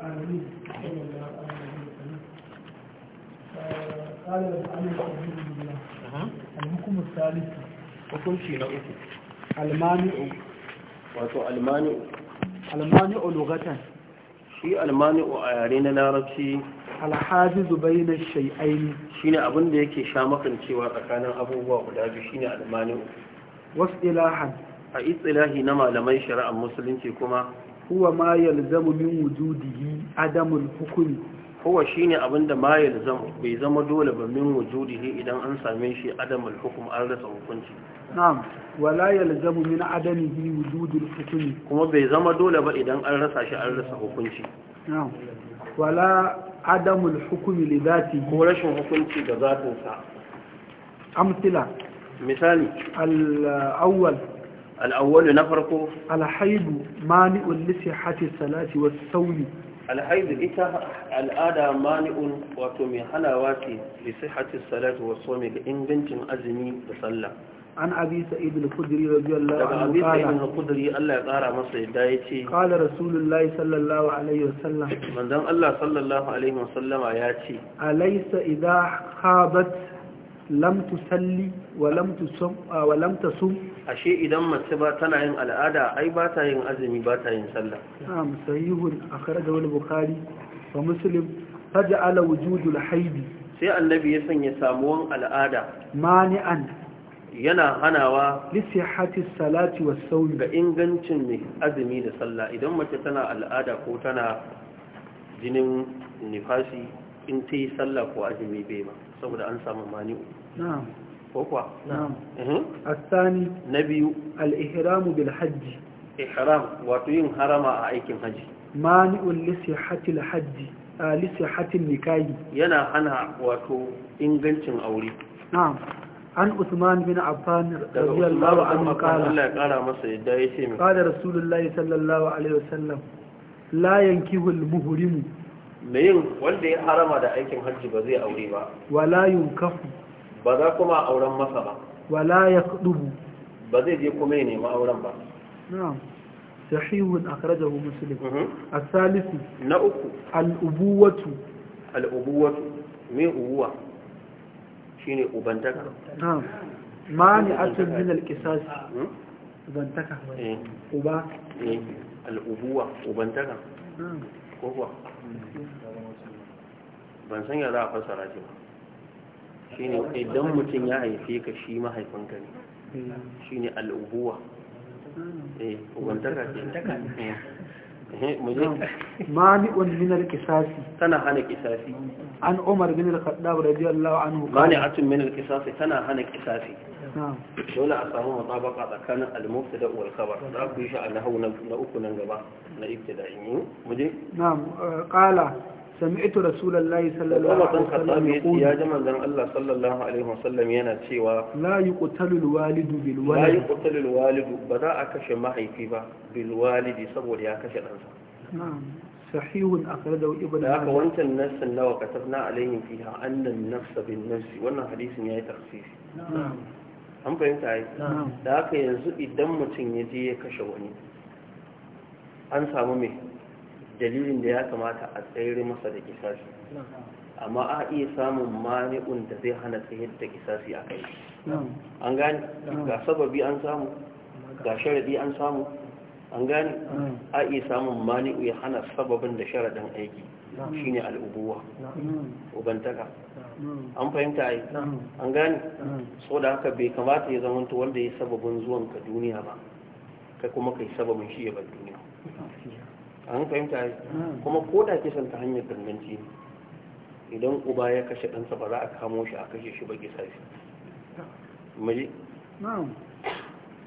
آمين الحكم الثالث حكم شيء نقص wato shi almani a yare na larabci alhajizu bayna shay'ain shine abin da yake sha makancewa tsakanin abubuwa guda biyu shine almani wasu ilahan a istilahi na malaman shari'ar musulunci kuma huwa ma yalzamu min wujudihi adamul hukumi huwa shine abinda ma yalzamu bai zama dole ba min wujudihi idan an same shi adamul hukum an rasa hukunci na'am wala yalzamu min adamihi wujudul hukumi kuma bai zama dole ba idan an rasa shi an rasa hukunci na'am wala adamul hukumi li dhati ko rashin hukunci ga zatinsa amsila misali al-awwal al’awwalu na farko alhaidu mani'un lissi hati salati wasu sauri alhaidu ita al’ada mani'un wato mai hanawa ce lissi hati salati wasu sauri ga ingancin azumi da sallah an abi sa'id al-khudri radiyallahu anhu kala da abi sa'id al-khudri Allah rasulullahi sallallahu alaihi wasallam manzon Allah sallallahu alaihi wasallama yace alaysa idha khabat lam salli wa lam tusum ah, ashe idan mace ba tana yin al'ada ai ba ta yin azumi ba ta yin sallah na'am sahihun akhrajahu al-bukhari wa muslim faj'ala wujudul haidi sai annabi ya sanya samuwan al'ada mani'an yana hanawa lisihati salati was sawm ga ingancin ne azumi da sallah idan mace tana al'ada ko tana jinin nifasi in ta yi sallah ko azumi bai ba saboda an samu mani'u ko kuwa mhm. na biyu al-ihramu bil hajji wato yin harama a aikin haji mani'un li sihhatil hajji li sihhatin nikahi yana hana wato ingancin aure na'am عن عثمان بن عفان رضي الله عنه قال قال رسول الله صلى الله عليه وسلم لا ينكه المهرم mai yin wanda ya harama da aikin hajji ba zai aure ba wala yunkafu ba za kuma auren masa ba wala yaqdubu ba zai je kuma ya nemi auren ba na'am sahihun akhrajahu muslim mhm. as-salis na uku al-ubuwatu al-ubuwatu me ubuwa shine ubantaka na'am mani atun min al-qisas hmm? ubantaka eh. uba eh. al-ubuwa ubantaka ko ban san ya za a fassara shi ba shine idan mutum ya haife ka shi mahaifinka ne shine al'ubuwa eh ubantaka ce mani on minar kisasi tana hana kisasi an umar minar kaddawar rajiyar lawa an hukumar mani atun minar kisasi tana hana kisasi dole a samu mutabaka tsakanin al-mubtada wal khabar za ku yi shi a nahawu na uku nan gaba na ibtida'in yi muje na'am qala sami'tu rasulullahi sallallahu alaihi wasallam yaqulu ya jama'a dan Allah sallallahu alaihi wasallam yana cewa la yuqtalu al-walidu bil walad la yuqtalu al-walidu ba za a kashe mahaifi ba bil walidi saboda ya kashe ɗansa na'am صحيح أخرجه ابن ماجه وانت النفس لو كتبنا عليهم فيها أن النفس بالنفس وأن حديث نهاية تخصيص نعم an fahimta yi da haka yanzu idan mutum ya je ya kashe wani an samu mai dalilin da ya kamata a tsayar masa da kisashi amma a iya samun mani'un da zai hana tsayar da kisashi a kai an gani ga sababi an samu ga sharadi an samu an gani a iya samun mani'u ya hana sababin da sharadin aiki shine al'ubuwa ubantaka an fahimta ai an gani so da haka bai kamata ya zama wanda ya sababin zuwan ka duniya ba kai kuma kai sababin shi ya bar duniya an fahimta ai kuma ko da kisan ta hanyar ganganci idan uba ya kashe ɗansa ba za a kamo shi a kashe shi ba kisa shi maji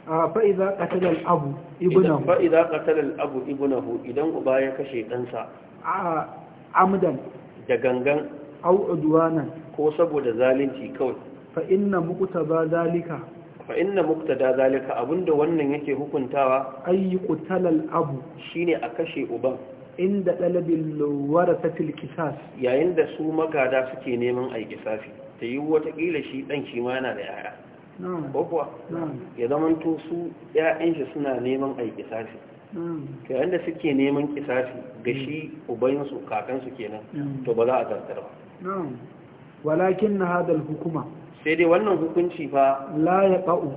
fa'iza ƙatalar abu ibinahu fa'iza ƙatalar abu ibinahu idan uba ya kashe ɗansa amdan da gangan au udwanan ko saboda zalunci kawai fa inna muqtaba zalika fa inna muqtada zalika abinda wannan yake hukuntawa ayi qutalal abu shine a kashe uban inda dalabin warasatil qisas yayin da su magada suke neman ai kisafi ta yi wata kila shi dan shi ma yana da yaya babuwa na'am ya zamanto su ƴaƴan shi suna neman ai kisafi to wanda suke neman kisafi ga shi ubayinsu kakansu kenan to ba za a zartar ba walakin na hadal hukuma sai dai wannan hukunci fa la ya ƙa'u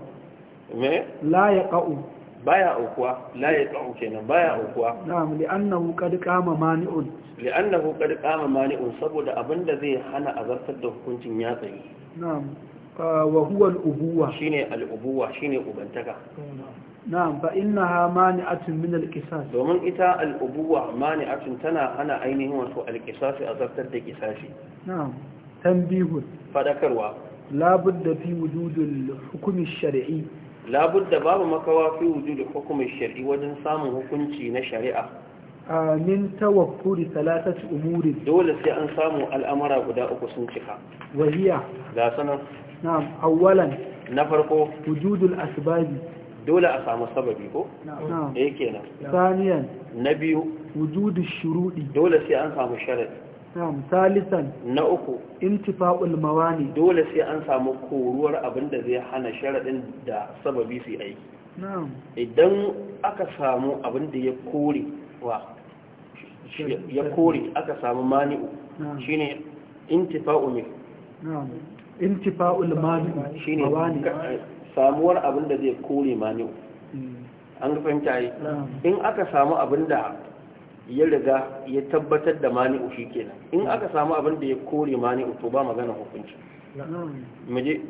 Me? la ya ƙa'u Ba ya aukuwa la ya ƙa'u kenan ya aukuwa na'am na hukar kama mani'un na hukar kama mani'un saboda abinda zai hana a zartar da hukuncin ya tsaye na'am wa huwa al-ubuwa shine al'ubuwa, shi shine ubantaka na'am fa innaha mani'atun min al domin ita al-ubuwa mani'atun tana hana ainihin wato al a zartar da qisashi na'am tanbihun fadakarwa labudda fi wujudul hukumi shar'i labudda babu makawa fi wujudul hukumi shar'i wajen samun hukunci na shari'a min tawakkuri talatati umuri dole sai an samu al'amura guda uku sun cika wahiya ga sanan na'am awwalan na farko wujudul asbabi dole a samu sababi ko? da yake eh, nan saniyan na biyu wujudu shuruɗi dole sai an samu sharadi salisan na uku intifa'ul mawani dole sai an samu koruwar abin da zai hana sharadin da sababi su aiki idan aka samu abin da ya kore wa ya kore aka samu mani'u shine ne na'am intifa'ul mawani ne samuwar abin da zai kore ne an ga fahimta yi mm. in aka samu abin da ya riga ya tabbatar da mani shi kenan in mm. aka samu abin da ya kore mani to ba magana hukunci mm. muje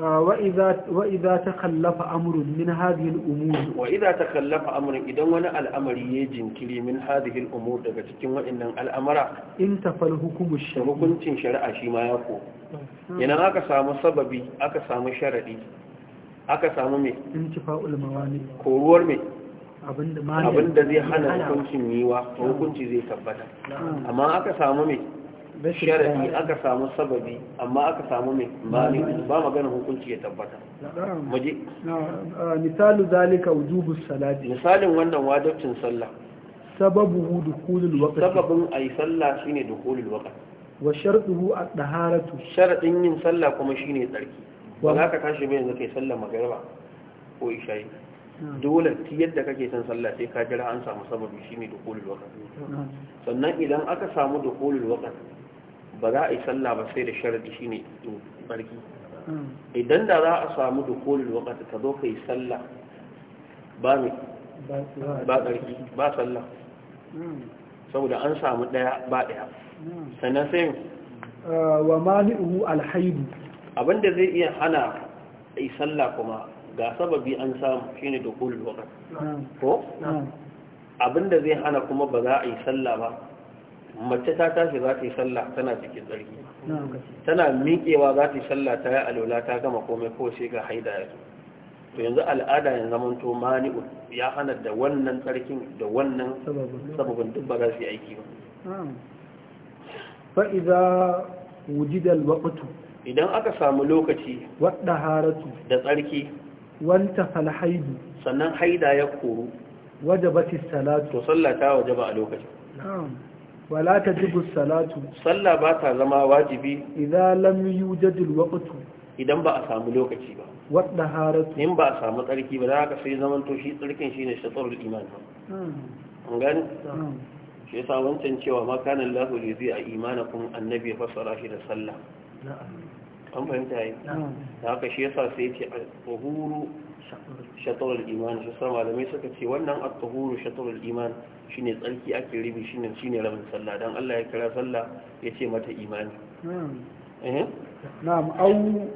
wa'iza ta kallafa amurin min hadihin umuru wa'iza ta kallafa amurin idan wani al'amari ya jinkiri min hadihin umuru daga cikin waɗannan al'amara in tafal hukuncin shari'a shi ma ya ko yana aka samu sababi aka samu sharaɗi aka samu mai koruwar mai abinda zai hana hukuncin yiwa hukunci zai tabbata amma aka samu mai sharadi aka samu sababi amma aka samu mai mani ba magana hukunci ya tabbata maje misalin zalika wujubus salati misalin wannan wajibcin sallah sababu dukulul waqti sababin ay sallah shine dukulul waqti wa shartuhu at-taharatu sharadin yin sallah kuma shine tsarki ba za ka kashi mai yanzu kai sallar magariba ko isha'i dole ti yadda kake son sallah sai ka jira an samu sababi shine dukulul waqt sannan idan aka samu dukulul waqt ba za a yi sallah ba sai da sharadi shine barki idan da za a samu dukulul waqt ka zo kai sallah ba ne ba barki ba sallah saboda an samu daya ba daya sannan sai wa mani'uhu alhaidu abinda zai iya hana yi sallah kuma ga sababi an samu shi da dukul wakar? ko abinda zai hana kuma ba za a yi sallah ba mace ta tashi za ta yi sallah tana cikin tsarki, tana miƙewa za ta yi sallah ta yi alola ta gama komai ko sai ga haida ya to yanzu al'ada ya zama to mani ya hana da wannan tsarkin da wannan sababin duk ba za su yi aiki ba fa'iza wujidal waqtu idan aka samu lokaci wadda haratu da tsarki wanta falhaidu sannan haida ya koru wajabati salatu to sallah ta wajaba a lokacin Wala ta tajibu salatu sallah ba ta zama wajibi idan lam yujad alwaqt idan ba a samu lokaci ba wadda haratu in ba a samu tsarki ba za ka sai zaman to shi tsarkin shine shatrul iman an gani shi yasa wancan cewa ma kana Allahu yuzi a imanakum annabi fasara shi da sallah na'am an fahimta yi da haka shi yasa sai ce al-tahuru shatarul iman shi sa malamai suka ce wannan at-tahuru shatarul iman ne tsarki ake ribi shi ne rabin sallah don Allah ya kira sallah ya ce mata imani eh na'am awu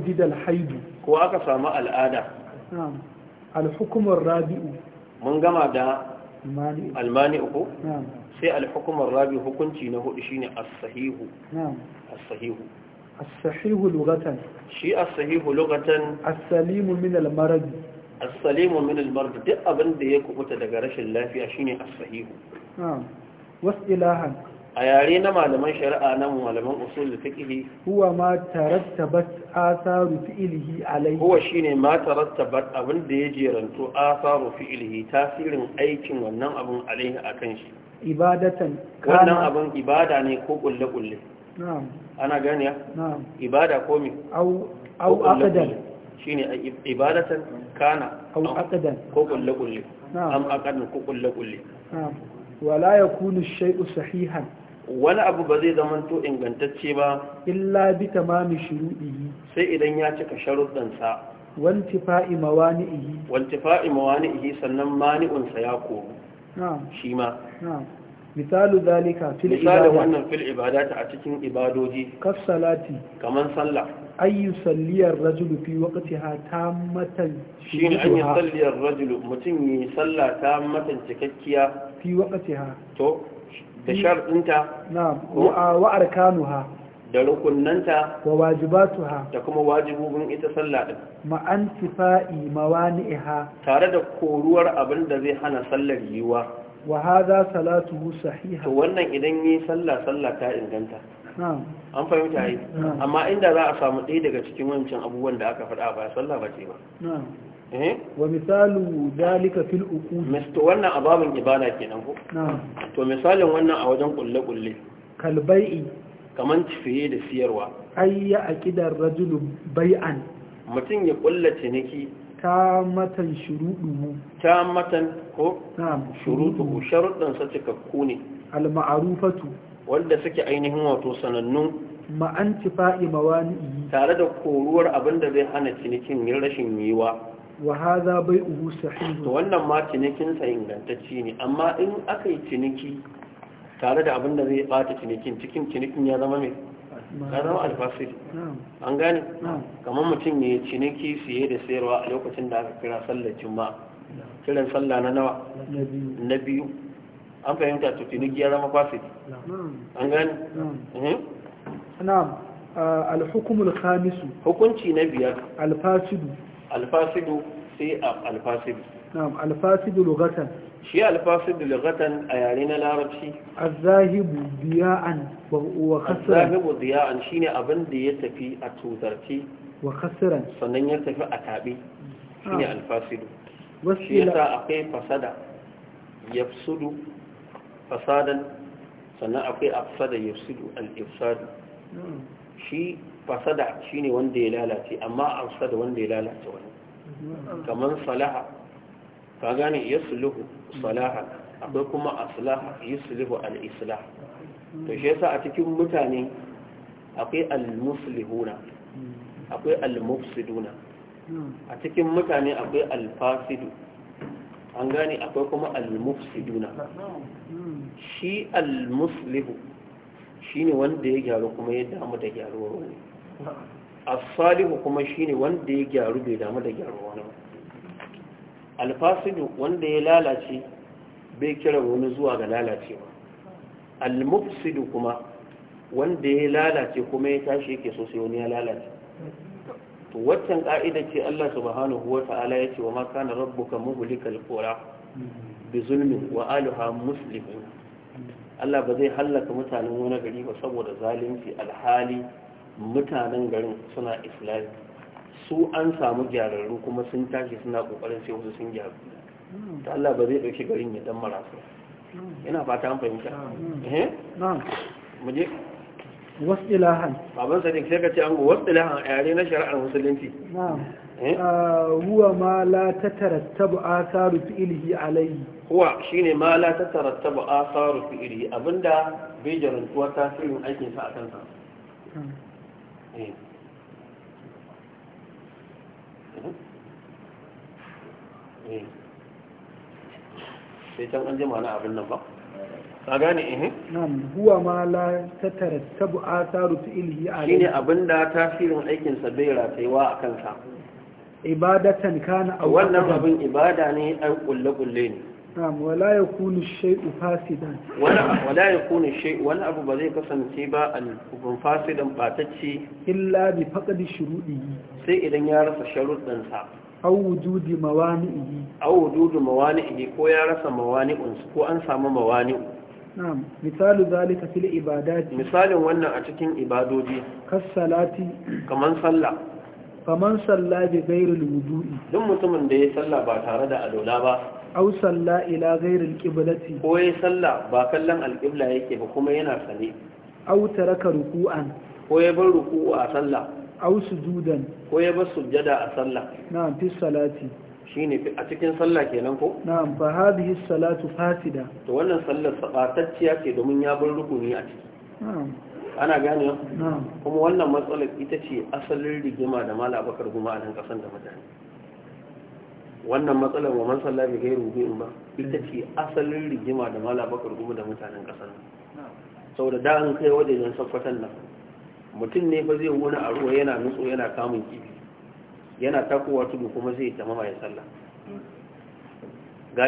uh, didal haid ko aka samu al'ada na'am al-hukm rabiu mun gama da al-mani sai al-hukm ar hukunci na hudu shine as-sahihu na'am as-sahihu الصحيح لغة شيء الصحيح لغة السليم من المرض السليم من المرض دي أبن دي يكبت دقرش الله في أشيني الصحيح نعم واسئلاها أيارينا معلمان شرعنا معلمان أصول الفقه هو ما ترتبت آثار فعله عليه هو شيني ما ترتبت أبن دي جيرانتو آثار فعله تاثير أيكم ونم أبن عليه أكنش إبادة كان ونم أبن إبادة نيكو قل لقل نعم ana ganiya ibada komi, au au aqdan shine ibadatan kana au aqdan ko kulle-kulle. am aqdan ko kulle-kulle. wala ya yakunu shay'u sahihan wani abu ba zai zama to ingantacce ba illa bi tamami shuruɗihi sai idan ya cika sharuɗansa wantifa'i mawani'ihi wantifa'i mawani'ihi sannan mani'unsa ya koru shi ma misalu zalika fil misalin wannan fil ibadati a cikin ibadoji kas salati kaman sallah ayyu salliyar rajulu fi waqtiha tammatan shine an yi salliyar rajulu mutum yi sallah tammatan cikakkiya fi waqtiha to da sharɗinta na'am wa arkanuha da rukunnanta wa wajibatuha da kuma wajibobin ita sallah din ma'an tifa'i mawani'iha tare da koruwar abinda zai hana sallar yiwuwa. wa hada salatuhu sahiha to wannan idan yi sallah sallah ta inganta an fahimta yi amma inda za a samu ɗaya daga cikin wancan abubuwan da aka faɗa ba sallah ba ce ba eh? wa misalu dalika fil uku. misto wannan ababin ibada kenan ko to misalin wannan a wajen kulle kulle kalbai'i kaman fiye da siyarwa ayya aqidar rajulu bai'an mutum ya kulla ciniki tamatan shuruɗuhu matan ko sharuɗan sa cikakku ne al-ma'rufatu wanda suke ainihin wato sanannu ma antifa'i mawani'i tare da koruwar da zai hana cinikin yin rashin yiwa wa hadha bai'uhu sahih to wannan ma cinikin sa ingantacci ne amma in aka yi ciniki tare da abin da zai bata cinikin cikin cinikin ya zama mai ƙarar alfasir an gane kamar mutum ne ciniki siye da sayarwa a lokacin da aka kira sallar juma'a kiran sallah na nawa na biyu an fahimta to ciniki ya zama fasid an gane na'am mhm. alhukumul khamisu hukunci na biyar alfasidu alfasidu sai alfasidu نعم الفاسد لغة شيء الفاسد لغة أيالين العربي الذاهب ضياء وخسرا الذاهب ضياء شيء أبن ديت في أتوزرتي وخسرا سنن يتفي أتابي شيء الفاسد شيء أقي فسدا يفسد فسادا sannan akwai afsada yafsidu al-ifsadu shi fasada shine wanda ya lalace amma afsada wanda ya lalace wani kamar salaha ka gane sulhu salaha akwai kuma salaha yasluhu sulhu al'islah to shi yasa a cikin mutane akwai al-muslihuna akwai al-mufsiduna a cikin mutane akwai al-fasidu an gane akwai kuma al-mufsiduna shi al shi ne wanda ya gyaru kuma ya damu da gyaruwar wani as-salihu kuma ne wanda ya gyaru bai damu da gyaruwar wani alfasidu wanda ya lalace bai kira wani zuwa ga lalacewa almufsidu kuma wanda ya lalace kuma ya tashi yake so sai wani ya lalace to waccan ka'ida ce Allah subhanahu wata'ala ce wa ma kana rabbuka muhlikal qura bi zulmin wa aluha muslimun Allah ba zai hallaka mutanen wani gari ba saboda zalunci alhali mutanen garin suna islami su an samu gyararru kuma sun tashi suna kokarin sai wasu sun gyaru ta Allah ba zai ɗauki garin ya dan marasu yana fata an fahimta eh mu je wasilahan baban sadiq sai ka ce an go wasilahan a yare na shari'ar musulunci na'am eh? ah, huwa ma la tatarattabu asaru ilhi alayhi huwa shine ma la tatarattabu asaru ilhi. abinda bai jarantuwa tasirin aikin sa akan sa hmm. eh Eh. sai can an jima na abin nan ba ka gane ihe? Eh? nan huwa ma la tatarattabu atharu fi'lihi alayhi shine abinda tasirin aikin bai rataiwa a kansa ibadatan kana a wannan abin ibada ne an kulle kulle ne nan wala kuni shay'u fasidan wala ya kuni sha'i wani abu ba zai kasance ba al hukun fasidan batacce illa bi faqdi shuruɗi sai idan ya rasa sharuɗin au wujudi mawani'i au wujudi mawani'i ko ya rasa mawani'un ko an samu mawani'u na'am misalu zalika fil ibadati misalin wannan a cikin ibadoji kas salati kaman sallah faman salla bi al wudu'i duk mutumin da ya salla ba tare da alola ba aw salla ila al qiblati ko ya salla ba kallon qibla yake ba kuma yana sane aw taraka ruku'an ko ya bar ruku'u a sallah aw sujudan ko ya bar sujjada a sallah na'am fi salati shine a cikin sallah kenan ko na'am fa hadhihi salatu fasida to wannan sallar sabatacciya ce domin ya bar rukuni a ciki na'am ana gane na'am kuma wannan matsalar ita ce asalin rigima da mala bakar goma a nan kasan da mutane wannan matsalar wa man sallah bi gairu bi'in ba ita ce asalin rigima da mala bakar goma da mutanen kasan saboda da an kai wajen sakwatan nan mutum ne fa zai wani a ruwa yana nutso yana kamun kifi yana takowa tudu kuma zai tamama ya sallah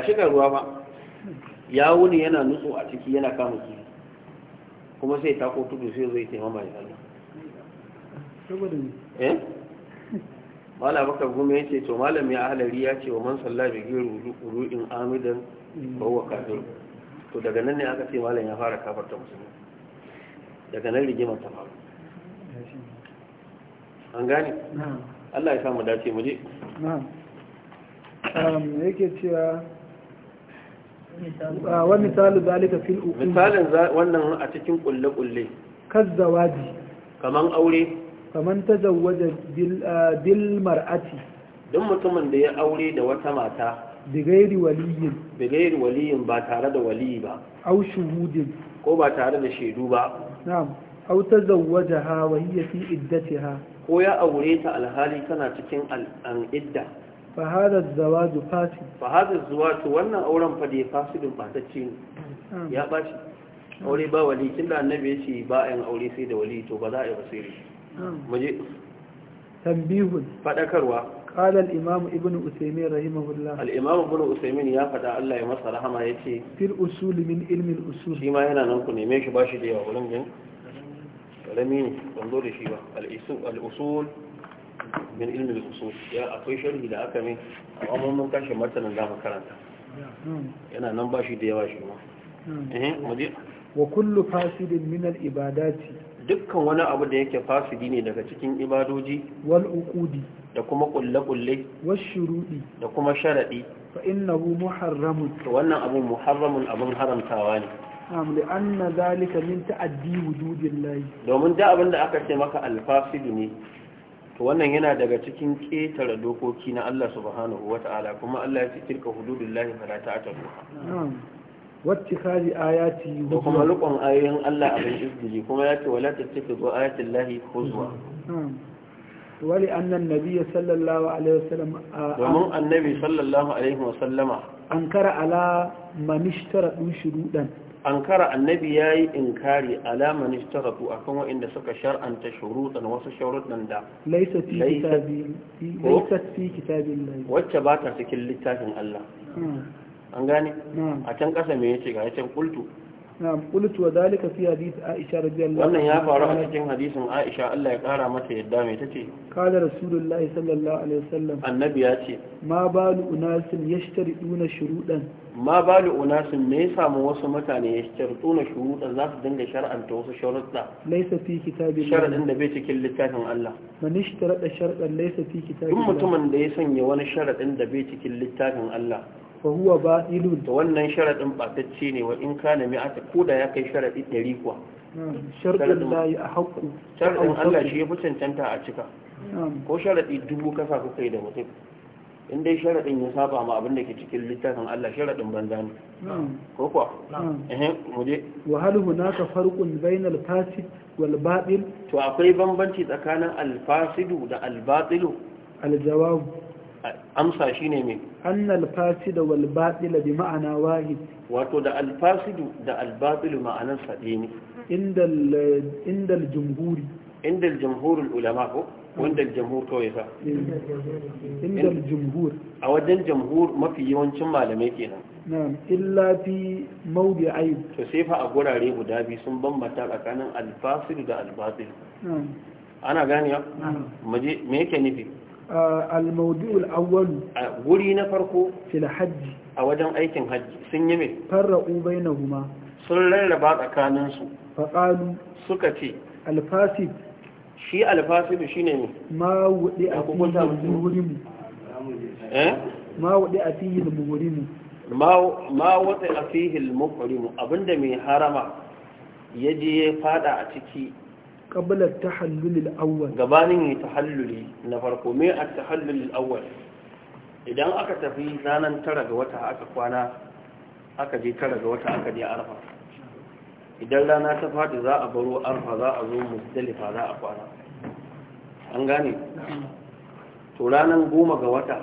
shi ga ruwa ba ya wuni yana nutso a ciki yana kamun kifi kuma sai tako tudu sai zai tama ya sallah eh mala baka gume yace to malami ya halari ya ce wa man salla bi giru ru'in amidan bawa kafir to daga nan ne aka ce malam ya fara kafarta musulmi daga nan rigimar ta faru an gani? Allah ya samu dace muje. je yake cewa wani misalin zalika fil uku misalin wannan a cikin kulle kulle kazzawaji kaman aure kaman ta zawaje bil mar'ati Don mutumin da ya aure da wata mata bigairi waliyin waliyin ba tare da waliyi ba au shuhudin ko ba tare da shaidu ba na'am au tazawwajaha wa hiya fi iddatiha ko ya aure ta alhali tana cikin al'an idda Fahadar hada zawaju fasid fa hada zawaju wannan auren fa da fasidin batacce ne ya baci aure ba wali tunda annabi ya ce ba yin aure sai da wali to ba za a yi basiri muje tambihun fadakarwa qala al-imam ibn usaymin rahimahullah al-imam ibn usaymin ya fada Allah ya masa rahama yace fil usul min ilmi al-usul shi ma yana nan ku ne, neme shi bashi da yawa gurin karami ne ban zo da shi ba al'usul min ilmi al'usul ya akwai sharhi da aka mai amma mun kashe martanin za karanta yana nan ba shi da yawa shi ma wa kullu fasidin min al dukkan wani abu da yake fasidi ne daga cikin ibadoji wal uqudi da kuma kulle-kulle wal shuruɗi. da kuma sharaɗi fa innahu muharramun wannan abu muharramun abun haramtawa ne na'am da anna zalika min ta'addi wujudillahi domin da abin da aka ce maka alfasidu ne to wannan yana daga cikin ƙetare dokoki na Allah subhanahu ta'ala kuma Allah ya ce tilka hududillahi fala ta'tadu na'am wacce kaji ayati da kuma lukon ayoyin Allah abin izgiji kuma ya ce wala tattakhidhu ayatil lahi huzwa wali annan nabi sallallahu alaihi wa wasallam domin annabi sallallahu alaihi wa sallama. wasallama ankara ala manishtara shurudan ankara annabi ya yi inkari alaman a akan waɗanda suka shar'anta shuruɗan wasu sharuɗan da laisat fi kitabin wacce ba ta cikin littafin Allah hmm. an gane hmm. a can ƙasa me yace ga yace kultu na'am qultu wa dhalika fi hadith Aisha radiyallahu anha wannan ya faru a cikin hadisin Aisha Allah ya kara mata yadda mai tace kala rasulullahi sallallahu alaihi wasallam annabi ya ce ma balu unasin yashtariduna shurudan ma balu unasin me yasa mu wasu mutane yashtariduna shurudan za su dinga shar'anta wasu sharuɗa laysa fi kitabi sharadin da bai cikin littafin Allah man ishtarada sharadan laysa fi kitabi duk mutumin da ya sanya wani sharadin da bai cikin littafin Allah fa huwa batilun to wannan sharadin batacce ne wa in kana mi'ata koda ya kai sharadi 100 kuwa hmm, sharadin lahi a haƙu sharadin Allah shi ya fi cancanta a cika hmm. ko sharadi dubu kasa ku kai da mutum in dai sharadin ya saba ma abin da ke cikin littafin Allah sharadin banza ne hmm. ko kuwa eh muje wa hal hunaka farqun bainal fasid wal batil to akwai bambanci tsakanin al fasidu da al batilu al jawab amsa shi ne mai an fasid wal batil bi ma'ana wahid wato da al da al-batil ma'anar sa ne inda aljumhuri jumhuri inda aljumhuri ulama ko mm. wanda al to kawai sa eh. inda al-jumhur a wajen jumhur mafi yawancin malamai kenan na'am illa fi mawdi'ai to sai fa a gurare guda biyu sun bambata tsakanin al da al-batil ana gani ya me yake nufi الموضوع الأول غري نفرقو في الحج أوجن أيكن حج سنيمي فرقوا بينهما سلل لبعض أكاننسو فقالوا سكتي الفاسد شيء الفاسد شيء ما ودي أفيه المغرم ما ودي أفيه المغرم ما ما ودي fihil muhrimu abinda mai harama يجي je ya fada qabla at-tahallul al na farko me at-tahallul al idan aka tafi ranan tara ga wata aka kwana aka je tara ga wata aka je arfa idan rana ta fadi za a baro arfa za a zo musdalifa za a kwana an gane to ranar goma ga wata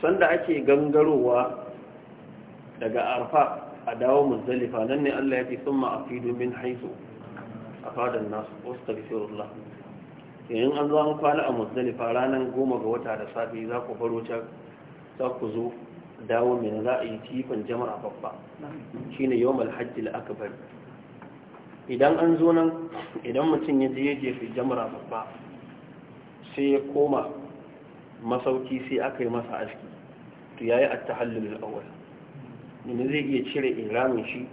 sanda ake gangarowa daga arfa a dawo muzdalifa nan ne Allah ya fi sun ma'afidu min haisu a fadar nasu wasu yayin an zo an kwana a musdalifa ranar goma ga wata da safe za ku baro can za ku zo dawo mai za a yi kifin jama'a babba shi ne yawon alhaji da aka bari idan an zo nan idan mutum ya je jefi jama'a babba sai ya koma masauki sai aka yi masa aski to ya yi a tahallul awal ne zai iya cire iramin shi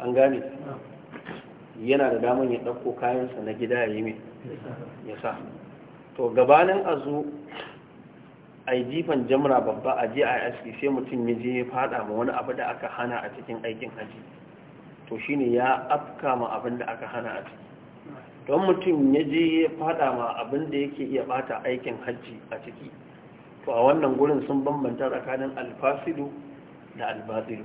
an gane yana da damar ya ɗauko kayansa na gida ya yi mai ya sa to gabanin a zo a yi jifan jamra babba a je a aski sai mutum ya je ya fada ma wani abu da aka hana a cikin aikin haji to shine ya afka ma abin da aka hana a ciki don mutum ya je ya fada ma abin da yake iya bata aikin haji a ciki to a wannan gurin sun bambanta tsakanin alfasidu da albatsiru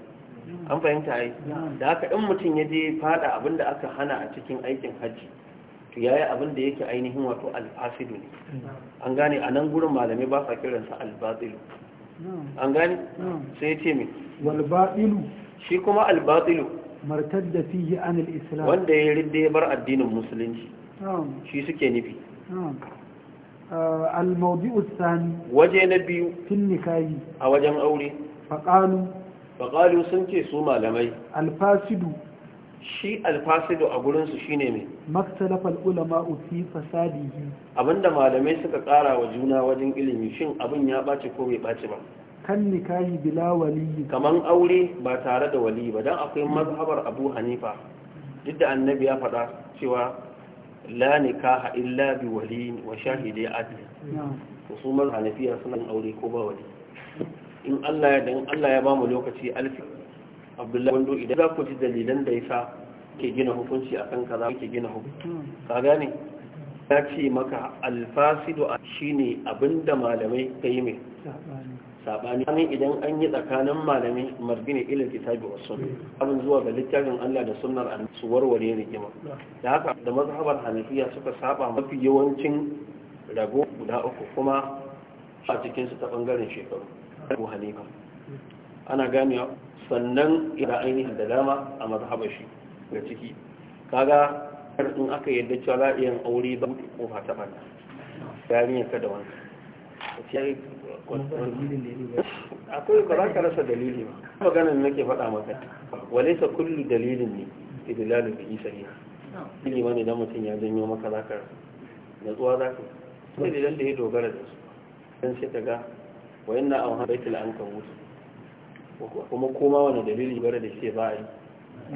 an fahimta ai da haka in mutum ya je fada abin da aka hana a cikin aikin hajji to yayi abin da yake ainihin wato alfasidu ne an gane a nan gurin malamai ba sa kiransa albatilu an gane sai ya ce min. shi kuma albatilu martadda fihi an islam wanda ya yi ya bar addinin musulunci shi suke nufi al-mawdi'u waje na biyu fin a wajen aure faqalu Bakalu sun ce su malamai alfasidu shi alfasidu a gurinsu shi ne mai maktalafal ulama fi fasadihi abinda malamai suka ƙara wa juna wajen ilimi shin abin ya ɓaci ko bai ɓaci ba kan nikahi bila waliyi kaman aure ba tare da wali ba dan akwai mazhabar Abu Hanifa duk da annabi ya faɗa cewa la nikaha illa bi waliyin wa shahidi adli to su mazhabiya suna aure ko ba wali in Allah ya dan Allah ya ba mu lokaci alfi Abdullahi wando idan za ku ji dalilan da yasa ke gina hukunci akan kaza ke gina hukunci ka gane ya ce maka alfasidu shine abinda malamai ka yi mai sabani sabani idan an yi tsakanin malamai marbini ilal kitabi wa sunna abin zuwa ga littafin Allah da sunnar an su warware rigima da haka da mazhabar hanafiya suka saba mafi yawancin rago guda uku kuma a cikin su ta bangaren shekaru abu hanifa ana ganewa sannan ira ainihin da dama a mazhabar shi ga ciki kaga in aka yadda cewa za iya aure ba ko ba ta banda yarinyar ka da wani akwai ba za ka rasa dalili ba ganin nake faɗa maka wale sa kullu dalilin ne idlalu bi sariha dalili ne da mutum ya janyo maka za ka natsuwa za ka dalilan da ya dogara da su don sai ka ga wayan na an haɗa kila an kan wuce kuma koma wani dalili bare da ke ba yi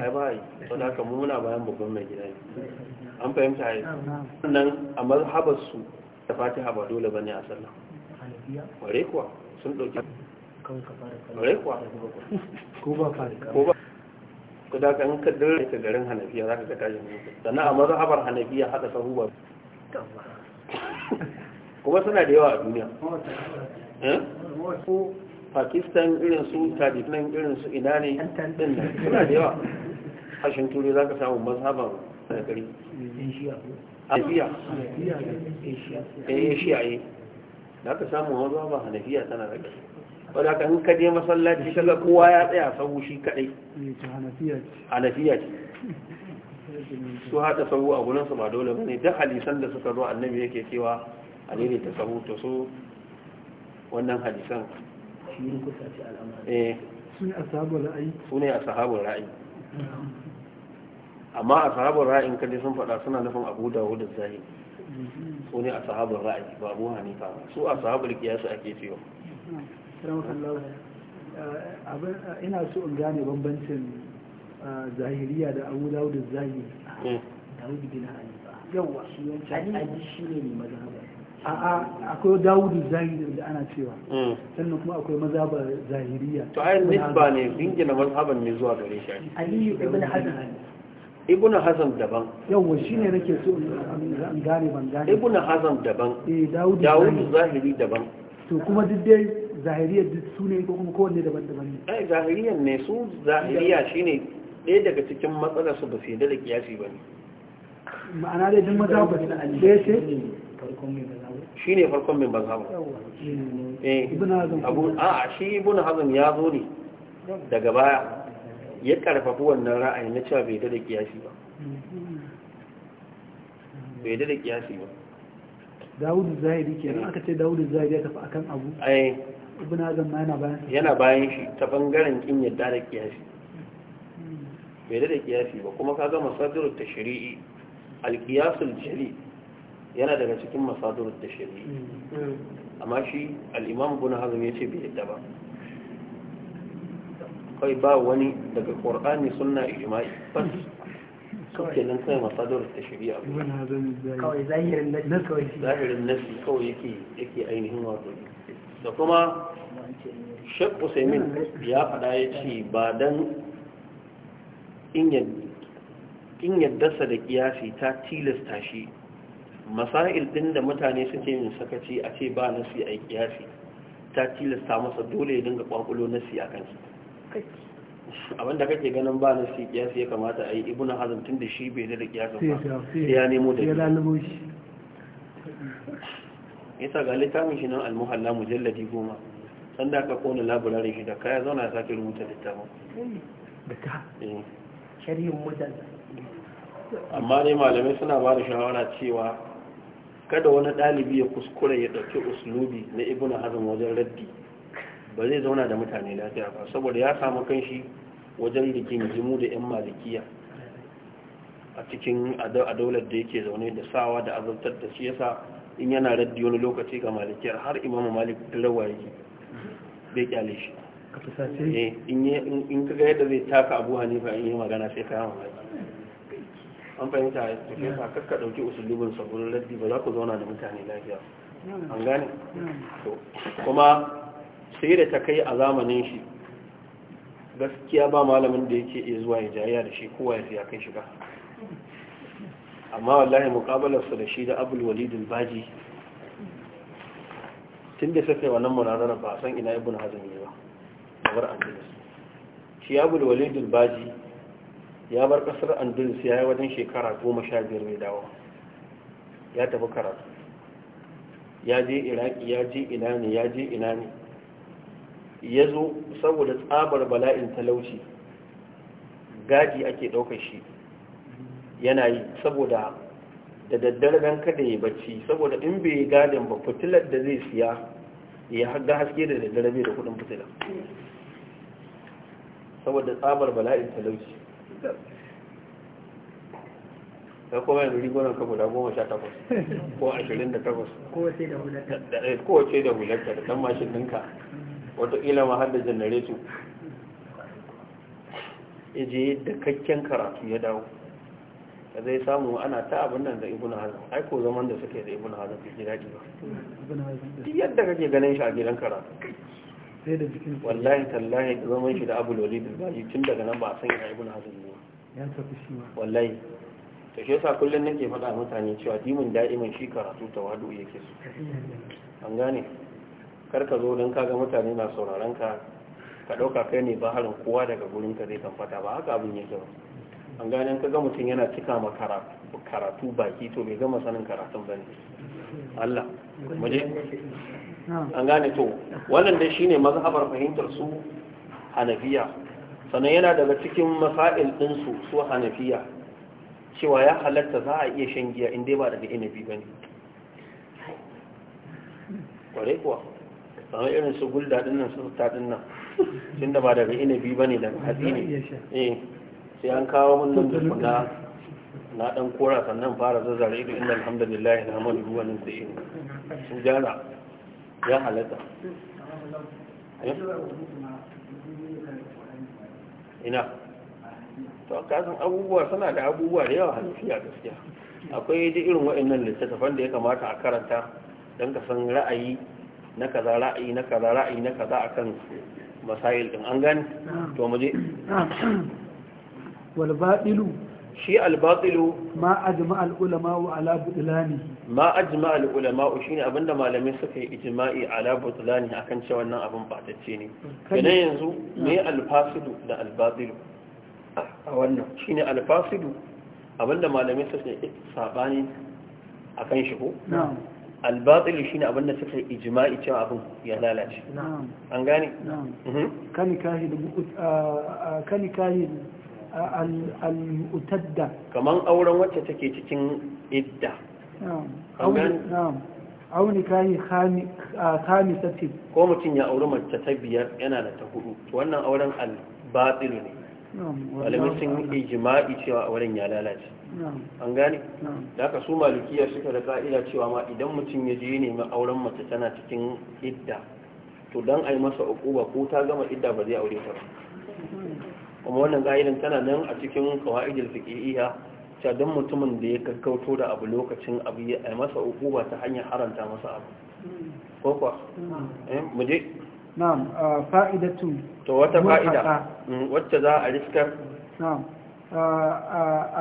ai ba yi wadda haka muna bayan babban mai gida ne an fahimta yi nan a mazhabar su da haɓa dole ba ne a sallah ware kuwa sun ɗauki ware kuwa ko ba fara ku da kan ka dare ka garin hanafiya za ka ta tashin hankali sannan a mazhabar hanafiya haɗa sahu ba kuma suna da yawa a duniya su pakistan irin su tajiklan irin su ina ne din nan suna da yawa hashin turai za ka samu mazhaban sarkari asiya asiya yi za ka samu mazhaban hanafiya tana da ƙasa wadda ka in kaje masallaci kaga kowa ya tsaya sahu shi kadai eh, hanafiya ce su haɗa sabu a gurinsu ba dole ba ne duk hadisan da suka zo annabi yake cewa a ne ta sahu to so wannan hadisan eh. sune a sahabar ra'ayi amma a sahabar ra'ayin kaji sun faɗa suna nufin abu dawo da zahiri zai sune a sahabar ra'ayi ba abu hanifa su a sahabar kiyasu ake cewa eh, ina so in gane bambancin eh, zahiriya da abu da zahiri dawo da yawa shi yanci shi ne mai mazhabar a'a akwai dawudu zahiri da ana cewa hmm. sannan kuma akwai mazhaba zahiriya to ayin nisba ne dingina mazhaban ne zuwa gare shi aliyu ibn hasan ibn hazan daban yawa shine nake so in gane ban gane ibn hazan daban eh dawudu zahiri daban to kuma duk dai zahiriyar duk su ne ko kuma kowanne daban-daban ne ai zahiriyar ne su zahiriya shine ɗaya daga cikin matsalarsu ba su yi da kiyasi ba ne ma'ana dai duk mazhaban da ya ce shi ne farkon min mazhab eh, a shi ibn hazm ya zo ne daga baya ya karfafi wannan ra'ayi na cewa bai dada kiyashi ba bai dada kiyashi ba dawudu zahiri kenan aka ce dawudu zahiri ya tafi akan abu ai eh. ibn hazm yana bayan yana bayan shi ta bangaren kin yadda da kiyashi hmm. bai dada kiyashi ba kuma ka gama sadarwar ta shiri'i alkiyasul jali' yana daga cikin masadur da shi hmm. amma shi al'imam guna hazin ya ce bai yadda ba kai ba wani daga ƙor'ani suna ijima'i bas suke nan kai masadur da shi abu kawai zahirin nasi kawai yake ainihin wato da kuma shek usaimin ya faɗa ya ce ba don in dasa da kiyasi ta tilasta shi masail din da mutane suke yin sakaci a ce ba nasi a kiyasi ta tilasta masa dole ya dinga kwakulo nasi a kansu abinda kake ganin ba nasi kiyasi ya kamata a yi ibuna hazin tun da shi bai da kiyasi ba ya nemo da ya ga littafin shi nan almuhalla mujalladi goma san da aka kone labirarin shi da kaya zauna ya sake rubuta littafin eh. amma ne malamai suna ba da shawara cewa kada wani ɗalibi ya kuskure ya ɗauki uslubi na ibn hazm wajen raddi ba zai zauna da mutane lafiya ba saboda ya samu kanshi wajen da jimu da 'yan malikiya a cikin a daular da yake zaune da sawa da azabtar da shi yasa in yana raddi wani lokaci ga malikiyar har imamu malik talawa bai kyale shi eh, in ka ga yadda zai taka abu hanifa in yi magana sai ka yi an fahimta ya tafi sa kakka dauki usulubin saboda laddi ba za ku zauna da mutane lafiya an gane kuma sai da ta kai a zamanin shi gaskiya ba malamin da yake iya zuwa ya jayya da shi kowa ya fiya kai shiga amma wallahi mukabalarsa da shi da abul walidin baji tun da suka wannan munazara ba san ina ibn hazm ne ba a bar andalus shi abul walidin baji ya bar kasar andalus ya yi wajen shekara goma sha biyar mai dawo ya tafi karatu ya je iraki ya je ina ne ya je ina ne ya zo saboda tsabar bala'in talauci gadi ake ɗaukar shi yana yi saboda da daddare don kada ya bacci saboda in bai gadin ba fitilar da zai siya ya haga haske da daddare bai da kudin fitila saboda tsabar bala'in talauci sai kuma yanzu rigunan ka guda goma sha takwas ko ashirin da takwas kowace da hularta da eh, hulatta da ɗan mashin ɗinka watakila ma har da janareto ya je da kakken karatu ya dawo da zai samu ana ta abin nan da ibn hazan ai ko zaman da suke da ibn hazan fi gida ba yadda kake ganin shi a gidan karatu sai da jikin wallahi tallahi zaman shi da abu lori da zai tun daga nan ba a san ina ibn hazm ne shi ma wallahi to shi yasa kullun nake faɗa mutane cewa dimin da'imin shi karatu tawadu yake su an gane kar ka zo don kaga mutane na sauraron ka ka ɗauka kai ne ba harin kowa daga gurin ka zai kamfata ba haka abin yake ba an gane ka ga mutum yana cika ma karatu baki to bai gama sanin karatun ba ne mu je. an gane to wannan dai shine mazhabar fahimtar su hanafiya sannan yana daga cikin masail din su su hanafiya cewa ya halatta za a iya shan giya inda ba da inabi bane kware kuwa kamar irin su gulda din nan su ta din nan tunda ba daga inabi bane daga hatsi ne eh sai an kawo mun nan da kuma na dan kora sannan fara zazzare ido inna alhamdulillah na hamdu ruwan sai sun jara ya halatta ina to kasan abubuwa suna da abubuwa da yawa hanafiya gaskiya akwai da irin waɗannan littattafan da ya kamata a karanta don ka san ra'ayi na kaza ra'ayi na kaza ra'ayi na kaza akan masayil din an gani to mu je wal shi albatilu ma ajma ulama wa ala butulani ma ajma al'ulama wa shine abinda malamai suka yi ijma'i ala butulani akan cewa wannan abin batacce ne kenan yanzu me alfasidu da albatilu a wannan shine alfasidu abinda malamai suka yi sabani akan shi ko na'am albatilu shine abinda suka yi ijma'i cewa abin ya lalace na'am an gane na'am mhm. kan kahi da uh, kan kahi al-mutadda kaman auren wacce take cikin idda auni kayi sati ko mutum ya auri mace ta biyar yana da ta hudu wannan auren al-batil ne malamin sun jima'i cewa auren ya lalace an gane da ka su malikiya suka da ka'ida cewa ma idan mutum ya je nemi auren mace tana cikin idda to dan ai masa uquba ko ta gama idda ba zai aure ta ba kuma wannan ga'idan tana nan a cikin qawaidul fiqhiyya ta don mutumin da ya kakkauto da abu lokacin abu ya a masa uku ba ta hanyar haranta masa abu ko kuwa eh, mu je na'am fa'idatu to wata fa'ida mm, wacce za a riskar na'am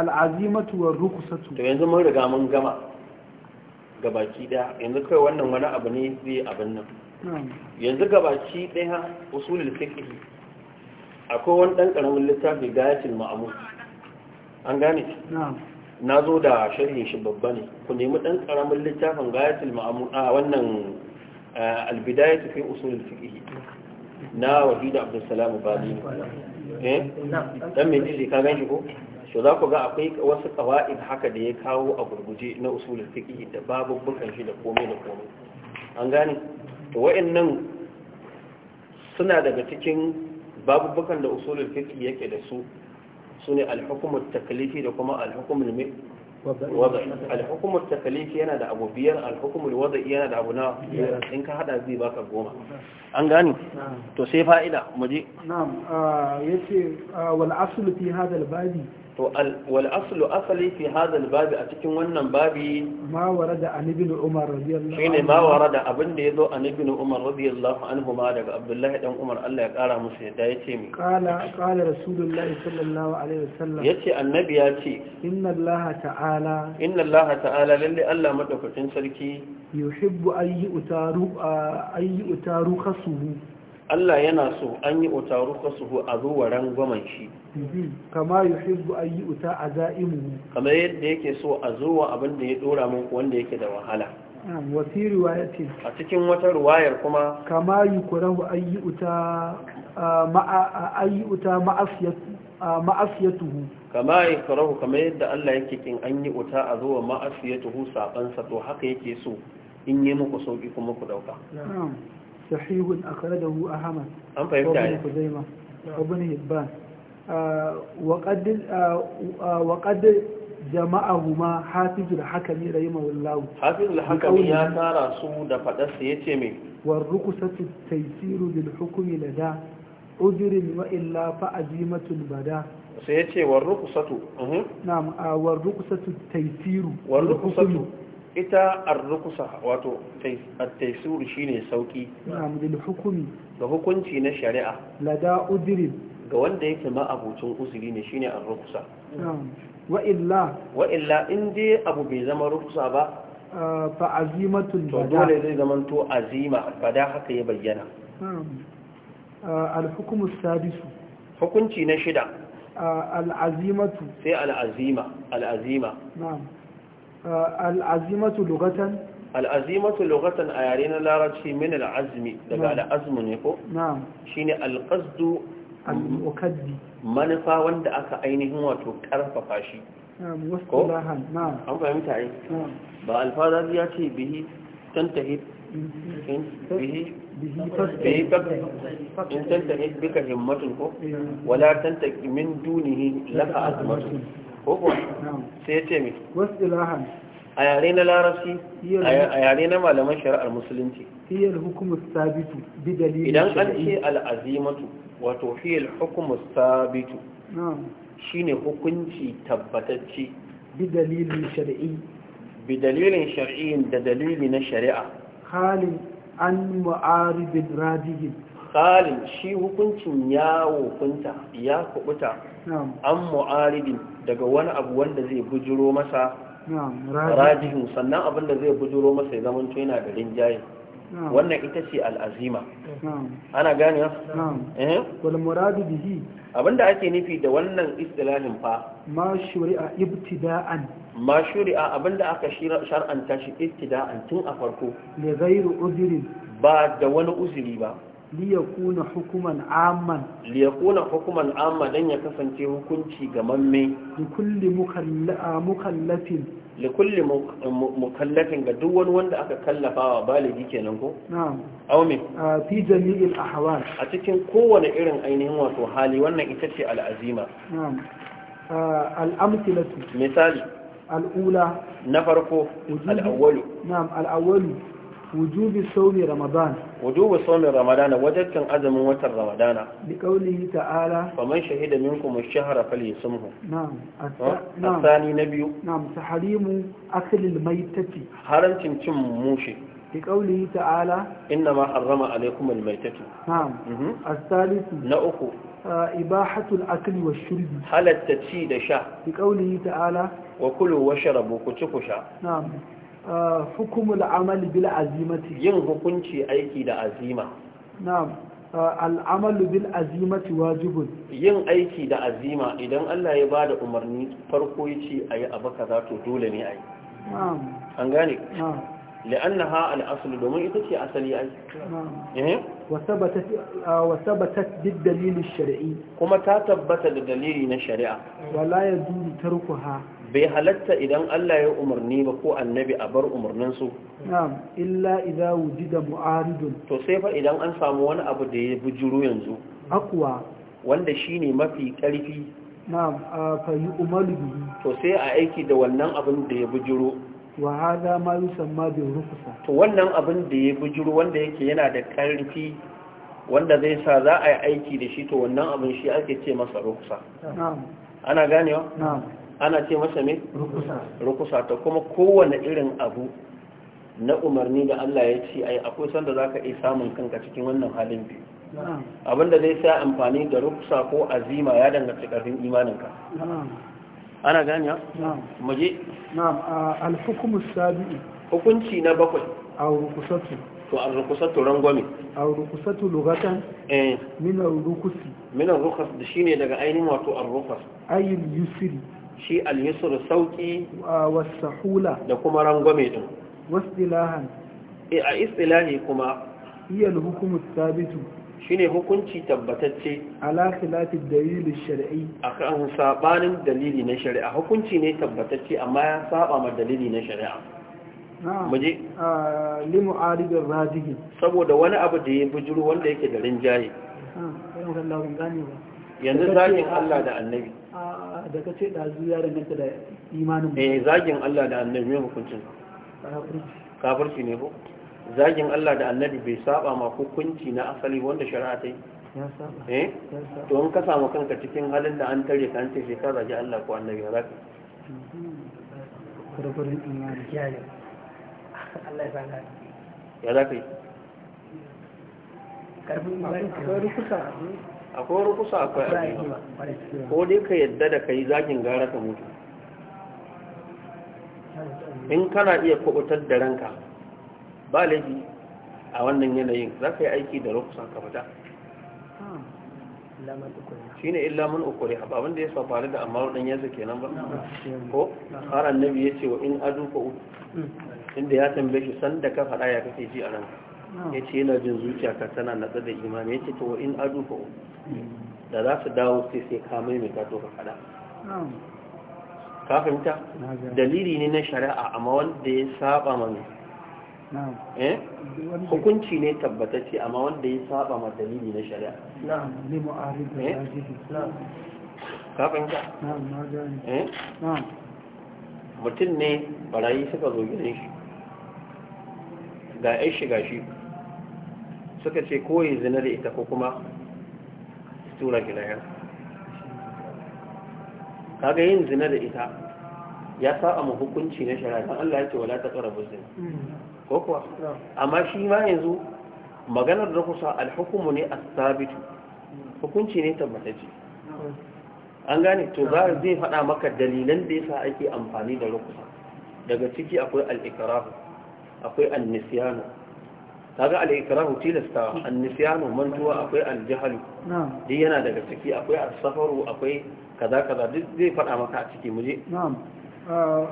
al'azimatu war rukusatu to yanzu mun riga mun gama gabaki daya yanzu kai wannan wani abu ne zai abin nan yanzu gabaki daya usulul fiqh akwai wani ɗan ƙaramin littafi gayatin ma'amu an gane na zo da sharhin shi babba ne ku nemi ɗan ƙaramin littafin gayatin ma'amu a wannan albidaya tafi usulul fiƙi na wahida abdulsalam ne. eh dan mai ji ka ganshi ko to za ku ga akwai wasu qawaid haka da ya kawo a gurguje na usulul fiƙi da babu bukan shi da komai da komai an gane to wayannan suna daga cikin babubukan da usulul fiqh yake da su sune al-hukm taklifi da kuma al-hukm al-mai wada'i al-hukm taklifi yana da abu biyar al-hukm wadai yana da abu na in ka hada zai baka goma an gani to sai fa'ida mu je na'am ah, yace ah, wal aslu fi hadha al-babi to wal asali fi hadha babi a cikin wannan babi ma warada an ibn umar radiyallahu shine ma da abin da zo an ibn umar radiyallahu anhu ma daga abdullahi dan umar Allah ya kara musu yadda ya ce qala qala rasulullahi sallallahu alaihi wasallam yace annabi ya ce inna allaha ta'ala inna allaha ta'ala lalle Allah madaukakin sarki yuhibbu ayyi utaru ayyi utaru khasuhu Allah yana so an yi utaru rukasuhu a zuwa rangwamen shi kama yuhibbu an yi uta azaimu kamar yadda yake so a zuwa abin da ya dora muku wanda yake da wahala wasi ce. a cikin wata riwayar kuma kama yukurahu an yi uta an yi uta ma'asiyatuhu kama yukurahu kamar yadda Allah yake kin an yi uta a zuwa ma'asiyatuhu sabansa to haka yake so in yi muku sauki kuma ku dauka صحيح أخرجه أحمد وابن خزيمة وابن هبان وقد وقد jama'ahuma hafizul hakami da hafizul hakami ya tara su da fadarsa yace me war rukusatu taysiru bil hukmi lada ujrin illa fa bada sai war rukusatu mhm. na'am uh, war rukusatu war rukusatu ita arrukusa wato taisuru shine sauki na'am lil hukumi ga hukunci na shari'a lada udrin ga wanda yake ma abocin uzuri ne shine arrukusa na'am wa illa wa illa in dai abu bai zama rukusa ba ah, fa azimatul bada to dole zai zama to azima bada haka ya bayyana ah, al hukumu sadisu hukunci na shida ah, al azimatu sai al azima al azima na'am al'azimatu lugatan al'azimatu lugatan a yare na larabci min al'azmi daga al'azmu ne ko shine alqasdu al-muqaddi manufa wanda aka ainihin wato karfafa shi ko an fahimta ai ba alfaza ya ce bihi tantahi bihi in tantahi bika himmatun ko wala tantaki min dunihi laka azmatun ko ko sai ya ce mi wasu ilahan a yare na larabci a yare na malaman shari'ar musulunci fiyar hukumar sabitu idan an ce al'azimatu wato hiyar hukumar sabitu shine hukunci tabbatacce bi dalilin shari'i bi dalilin da dalili na shari'a halin an ma'aribin halin shi hukuncin ya hukunta ya kubuta an ma'aribin daga wani abu wanda zai bujiro masa rajihu sannan abin da zai bujuro masa ya zamanto yana da rinjaye wannan ita ce al'azima ana gane ya? Eh? wani muradu bihi da ake nufi da wannan istilahin fa ma shuri'a ibtida'an ma shuri'a da aka shar'anta shi ibtida'an tun a farko da zairu uzurin ba da wani uzuri ba liyakuna hukuman amman liyakuna hukuman amman dan ya kasance hukunci ga mamme likulli ah, mukallafin likulli mukallafin ga duk wani wanda aka kallafawa baligi kenan ko na'am aw me ah, fi jami'il ahwal a cikin kowane irin ainihin wato hali wannan ita ce al'azima na'am ah, al'amtilatu misali al'ula na farko al'awwalu na'am al'awwalu wujubi saumi ramadan wujubi saumi ramadan wajibcin azumin watan ramadana bi qaulihi ta'ala faman shahida minkum ash-shahra falyasumhu na'am asani na biyu na'am tahrimu akli al-maytati haramcin cin mushe bi qaulihi ta'ala inna ma harrama alaykum al-maytatu na'am mhm. as-salis na uku ibahatul akli wash-shurb halatta ci da sha bi qaulihi ta'ala wa kulu washrabu ku ci ku sha na'am hukumul amal bil azimati yin hukunci aiki da azima na'am al'amalu bil azimati wajibun yin aiki da azima idan Allah ya bada umarni farko yace ayi abu kaza to dole ne ayi na'am an gane na'am li'annaha asl domin ita ce asali ai eh wa thabatat wa thabatat bid dalil shar'i kuma ta tabbata da dalili na shari'a wala yadu tarkuha bai halatta idan Allah ya umarni ba ko annabi a bar umarninsu na'am illa idan wujida mu'aridun to sai fa idan an samu wani abu da ya bujuru yanzu akwa wanda shine mafi karfi na'am fa umarni. bihi to sai a aiki da wannan abin da ya bujuru wa hada ma yusamma bi rufsa to wannan abin da ya bujuru wanda yake yana da karfi wanda zai sa za a yi aiki da shi to wannan abin shi ake ce masa rufsa na'am ana ganewa na'am ana ce masa ne. rukusa ta kuma kowane irin abu na umarni da Allah ya ce ai akwai sanda za ka iya samun kanka cikin wannan halin biyu abinda zai sa amfani da rukusa ko azima ya danganci karfin imaninka ana gani ya? na na'am al-hukmu sabi'i hukunci na bakwai a rukusatu to a rukusatu rangwame a rukusatu lugatan eh min rukusi minar rukus shine daga ainihin wato a rukus ayyul yusri shi al-yusr sauki wa sahula da kuma rangwame din wasdilahan e eh, a istilahi kuma iya hukumu tabitu shine hukunci tabbatacce ala khilafi dalil shar'i akan sabanin dalili na shari'a hukunci ne tabbatacce amma ya saba ma dalili na shari'a muje ah, li mu'aridin rajihi saboda wani abu da ya bujuru wanda yake da rinjaye yanzu zakin Allah da annabi da ka ce ɗazu ya danganta da imanin mu. eh zagin Allah da annabi mai hukuncin kafirci ne ko zagin Allah da annabi bai saba ma hukunci na asali wanda shari'a ta yi eh to in ka samu kanka cikin halin da an tare ka an ce ka zagi Allah ko annabi ya zaka. ka gurgurin imani kiyaye Allah ya saka ya zaka yi karfin imani ka rukuta akwai wani kusa akwai abin ko dai ka yadda da ka yi zagin gara ka mutu in kana iya kubutar da ranka ba laifi a wannan yanayin za ka yi aiki da rukusa ka fita shi ne illamun ukuri haɓa da ya safari da amma ɗan yanzu kenan ba ko har annabi ya ce wa in adu uku mm. inda ya tambaye shi sanda ka faɗa ya kake ji a ranka ya ce yana jin zuciya ka tana natsa da imani ya ce ta wa'in in adu da za su dawo sai sai kama mai mai kato ka kada kafin ta dalili ne na shari'a amma wanda ya saba mana eh? ne hukunci ne tabbatacce amma wanda ya saba ma dalili na shari'a eh? kafin ta eh? mutum ne barayi suka zo gidan shi ga 'yan shiga shi suka ce koyi zina da ita ko kuma tura ki lahira kaga yin zina da ita ya sa a hukunci na shari'a dan Allah ce wala ta tsara buzin ko kuwa amma shi ma yanzu maganar da kusa alhukumu ne a sabitu hukunci ne tabbatacce an gane to za zai faɗa maka dalilan da ya sa ake amfani da rukusa daga ciki akwai al akwai al nisyana kaga al-ikrahu tilasta an-nisyanu mantuwa akwai al-jahlu duk yana daga ciki akwai as-safaru akwai kaza kaza duk zai fada maka a ciki muje na'am ah,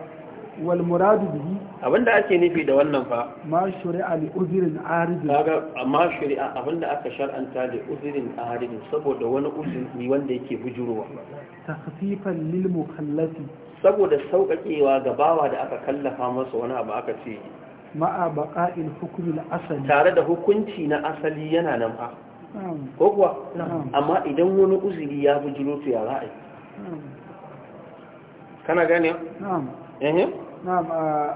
wal murad bihi abinda ake nufi da wannan fa ma shari'a li uzrin aridin kaga ma shari'a abinda aka shar'anta da uzrin aridin saboda wani uzuri wanda yake bujurowa takhfifan lil mukallafi saboda sauƙaƙewa ga bawa da aka kallafa masa wani abu aka ce ma'a baƙa'il na asali tare da hukunci na asali yana nan fa ko kuwa amma idan wani uzuri ya fi to ya ra'ayi kana gane na'am ehem na'am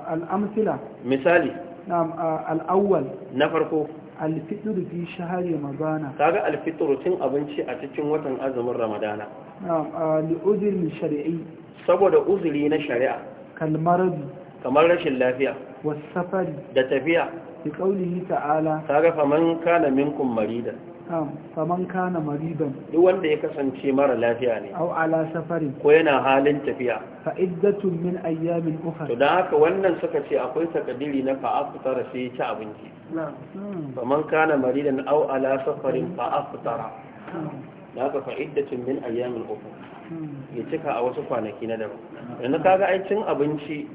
Al'amtila. misali na'am al'awwal na farko alfitr fi shahari ramadana kaga alfitr cin abinci a cikin watan azumin ramadana na'am li uzri shar'i saboda uzuri na shari'a kalmaradi kamar rashin lafiya wasafari da tafiya bi qaulihi ta'ala kaga faman kana minkum marida kam faman kana maridan duk wanda ya kasance mara lafiya ne au ala safarin ko yana halin tafiya fa iddatun min ayyamin ukhra to dan haka wannan suka ce akwai takadiri na fa aftara sai ya ci abinci hmm. faman kana maridan au ala safarin fa hmm. aftara hmm. da haka fa iddatun min ayyamin ukhra ya cika a wasu kwanaki na daban yanzu kaga ai cin abinci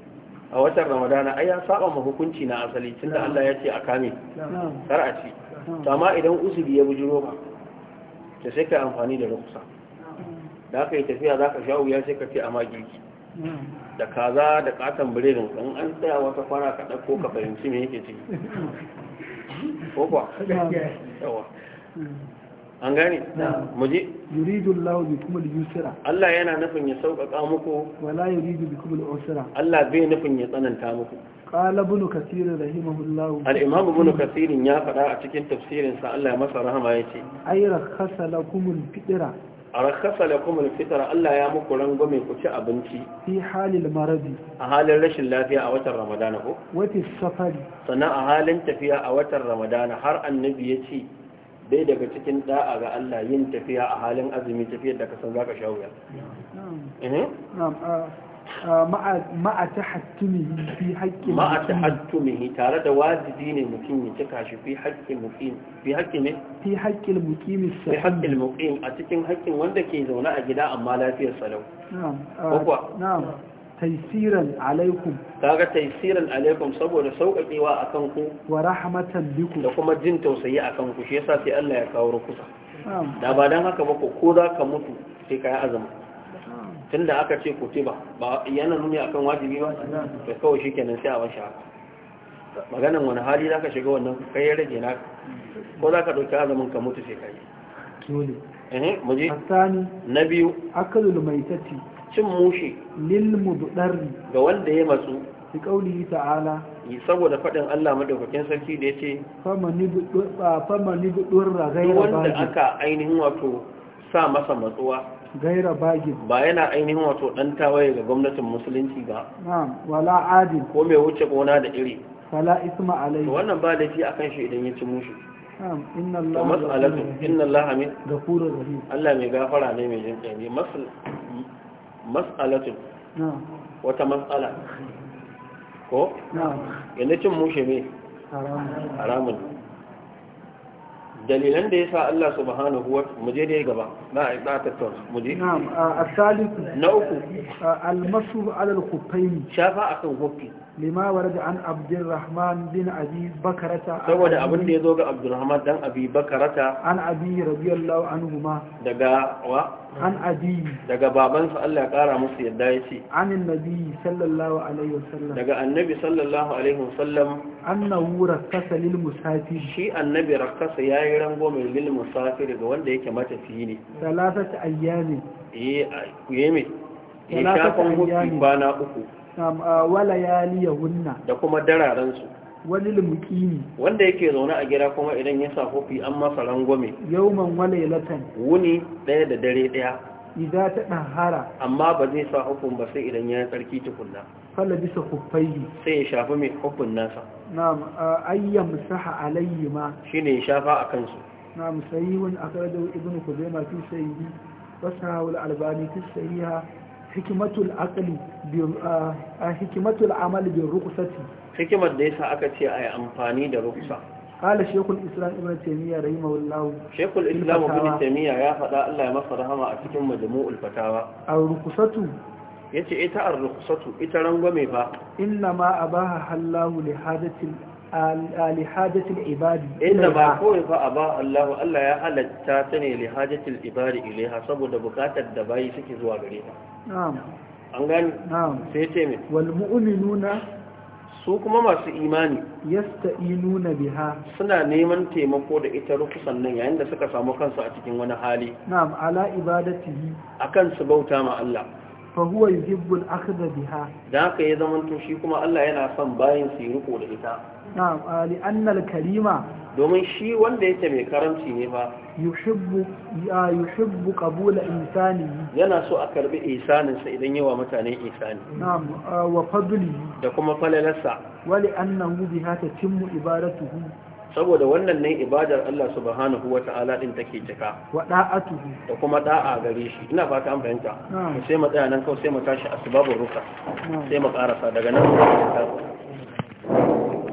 a watan ramadana ai ya saba ma hukunci na asali tunda Allah ya ce a kame kar a ci amma idan uzuri ya bujuro ka to sai ka amfani da rukusa da ka yi tafiya za ka sha wuya sai ka ce a magirki da kaza da katon biredin kan an tsaya wata kwana ka ɗauko ka fahimci me yake ciki ko kuwa yawa mm. an gane je. yuridu Allah bikum al-yusra Allah yana nufin ya sauƙaƙa muku wala yuridu bikum al-usra Allah bai nufin ya tsananta muku qala ibn kathir rahimahullah al-imam ibn kathir ya faɗa a cikin tafsirin sa Allah ya masa rahama yace ay rakhasa lakum al-fitra rakhasa lakum al-fitra Allah ya muku rangwame ku ci abinci fi halil maradi a halin rashin lafiya a watan Ramadana ko wati safari sana a halin tafiya a watan Ramadana har annabi yace bai daga cikin da'a ga Allah yin tafiya a halin azumi tafiyar da kasan zaka sha wuya eh? ma'a tahattumihi fi haƙƙin ma'a tahattumihi tare da wajibi ne mutum ya cika shi fi haƙƙi muqim fi haƙƙin ne fi haƙƙin muqim fi haƙƙin muqim a cikin haƙƙin wanda ke zaune a gida amma lafiyar salau na'am taisiran alaikum kaga taisiran alaikum saboda sauƙaƙewa a kanku wa rahmatan biku da kuma jin tausayi a kanku shi yasa sai Allah ya kawo rukusa da ba dan haka ba ko ko za ka mutu sai ka yi azumi tunda aka ce ku ba ba yana nuni akan wajibi ba to kawai shikenan sai a bar shi haka maganan wani hali za ka shiga wannan kai ya rage naka ko za ka ɗauki azumin ka mutu sai ka yi dole mu je na biyu akalul maitati cin mushe lil muddarri ga wanda ya matsu fi kauli ta'ala saboda faɗin Allah madaukakin sarki da ce. famani budurra famani budurra gaira wanda aka ainihin wato sa masa matsuwa gaira bagin ba yana ainihin wato dan tawaye ga gwamnatin musulunci ba na'am wala adil ko mai wuce gona da iri fala isma alai wannan ba laifi akan shi idan ya ci mushi na'am inna Allah mas'alatu inna Allah min ghafurur rahim Allah mai gafara ne mai jinkai ne masal mas'alatin wata mas'ala, ko? yadda cin mushe ne haramun dalilan da ya sa Allah subhanahu wa muje da ya gaba na a tattaun muje? na uku almasu alal kufaini shafa a kan kufi lima warda an abdurrahman bin abi bakarata saboda abin da ya zo ga abdurrahman dan abi bakarata an abi radiyallahu anhu ma daga wa an abi daga babansa Allah ya kara musu yadda ya ce anin nabi sallallahu alaihi wasallam daga annabi sallallahu alaihi wasallam annahu rakkasa lil musafir shi annabi rakkasa yayi rango mai lil musafir ga wanda yake matafiyi ne salasat ayyami eh yeme ya shafan hukki bana uku wala yaliyahunna da kuma dararansu wani ne. wanda yake zaune a gida kuma idan ya sa kofi an masa rangwame man wale latan wuni ɗaya da dare ɗaya idan ta hara. amma ba zai sa hukun ba sai idan ya tsarki tukunna Kala bisa kufai sai ya shafi mai hukun nasa na'am ayyam saha alayhi ma shine ya shafa a kansu na'am sahihun wani ibnu kuzaima fi sahihi wasahu al-albani fi sahiha hikmatul aqli bi hikmatul amali bi ruqsati hikimar da yasa aka ce ayi amfani da rukhsa kala shekul islam ibn taymiya rahimahullah shekul islam ibn taymiya ya faɗa Allah ya masa a cikin majmu'ul fatawa ar-rukhsatu yace ita ar-rukhsatu ita rangwame fa inna ma abaha Allah li hadati li hadati al-ibadi inna ba ko fa aba Allah Allah ya halatta ta ne li hadati al ilaiha saboda bukatar da bayi suke zuwa gare ta an gani na'am sai ce mai wal mu'minuna su kuma masu imani Yasta na biha suna neman taimako da ita rukusan sannan yayin da suka samu kansu a cikin wani hali na'am ala ibadatihi akan su bauta ma Allah fa huwa yuhibbu akhdha biha da haka ya zaman to shi kuma Allah yana son bayin su riko da ita na'am li karima domin shi wanda yake mai karamci ne ba yuhibbu qabula insani yana so a karbi isaninsa sa idan yawa mutane isani na'am wa fadli da kuma falalarsa wali annahu biha tatimmu ibadatuhu saboda wannan ne ibadar Allah subhanahu wata'ala din take cika wa da'atuhu da kuma da'a gare shi ina fata an fahimta sai mu tsaya nan kawai sai mu tashi asbabur ruka sai mu karasa daga nan